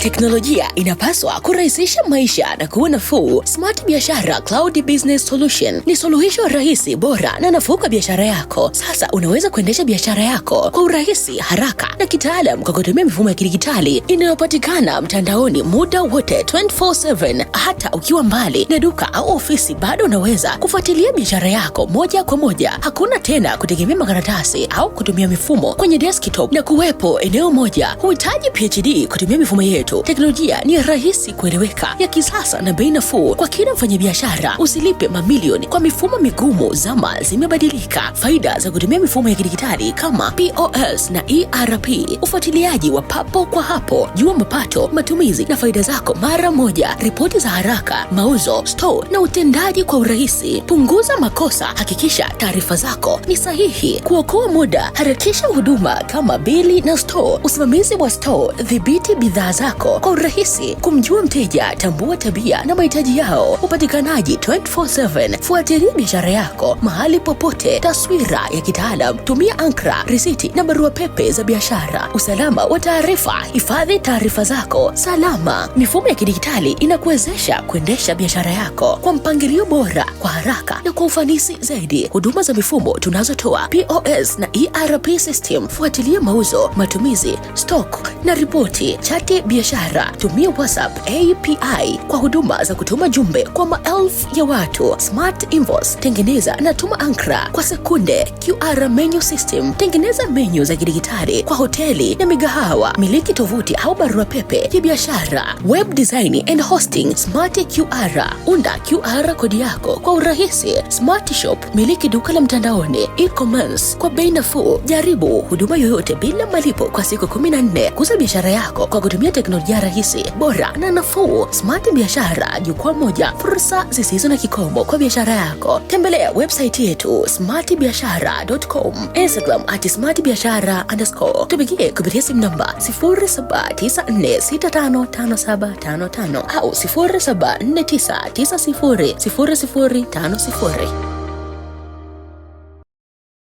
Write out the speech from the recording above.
Teknolojia inapaswa kurahisisha maisha na kuwa nafuu. Smart Biashara Cloud Business Solution ni suluhisho rahisi, bora na nafuu kwa biashara yako. Sasa unaweza kuendesha biashara yako kwa urahisi, haraka na kitaalam kwa kutumia mifumo ya kidigitali inayopatikana mtandaoni muda wote 24/7. Hata ukiwa mbali na duka au ofisi, bado unaweza kufuatilia biashara yako moja kwa moja. Hakuna tena kutegemea makaratasi au kutumia mifumo kwenye desktop na kuwepo eneo moja. Huhitaji PhD kutumia mifumo yetu yetu. Teknolojia ni rahisi kueleweka, ya kisasa na bei nafuu kwa kila mfanyabiashara. Usilipe mamilioni kwa mifumo migumu, zama zimebadilika. Faida za kutumia mifumo ya kidijitali kama POS na ERP: ufuatiliaji wa papo kwa hapo, jua mapato, matumizi na faida zako mara moja, ripoti za haraka, mauzo, store na utendaji kwa urahisi. Punguza makosa, hakikisha taarifa zako ni sahihi. Kuokoa muda, harakisha huduma kama bili na store, usimamizi wa store, dhibiti bidhaa zako yako kwa urahisi. Kumjua mteja, tambua tabia na mahitaji yao. Upatikanaji 24/7. Fuatilia biashara yako mahali popote. Taswira ya kitaalam. Tumia ankra risiti na barua pepe za biashara. Usalama wa taarifa. Hifadhi taarifa zako salama. Mifumo ya kidijitali inakuwezesha kuendesha biashara yako kwa mpangilio bora, kwa haraka na kwa ufanisi zaidi. Huduma za mifumo tunazotoa POS na ERP system. Fuatilia mauzo, matumizi, stock na ripoti. Chati biashara biashara, tumia WhatsApp API kwa huduma za kutuma jumbe kwa maelfu ya watu, smart invoice, tengeneza na tuma ankra kwa sekunde, QR menu system, tengeneza menyu za kidigitali kwa hoteli na migahawa, miliki tovuti au barua pepe ya biashara, web design and hosting, smart QR, unda QR kodi yako kwa urahisi, smart shop, miliki duka la mtandaoni, e-commerce kwa bei nafuu. Jaribu huduma yoyote bila malipo kwa siku 14. Kuza biashara yako kwa kutumia teknolojia teknolojia rahisi, bora na nafuu. Smart Biashara, jukwaa moja, fursa zisizo na kikomo kwa biashara yako. Tembelea website yetu smartbiashara.com, Instagram at smartbiashara underscore, tupigie kupitia simu namba 0794655755 au 0749900050.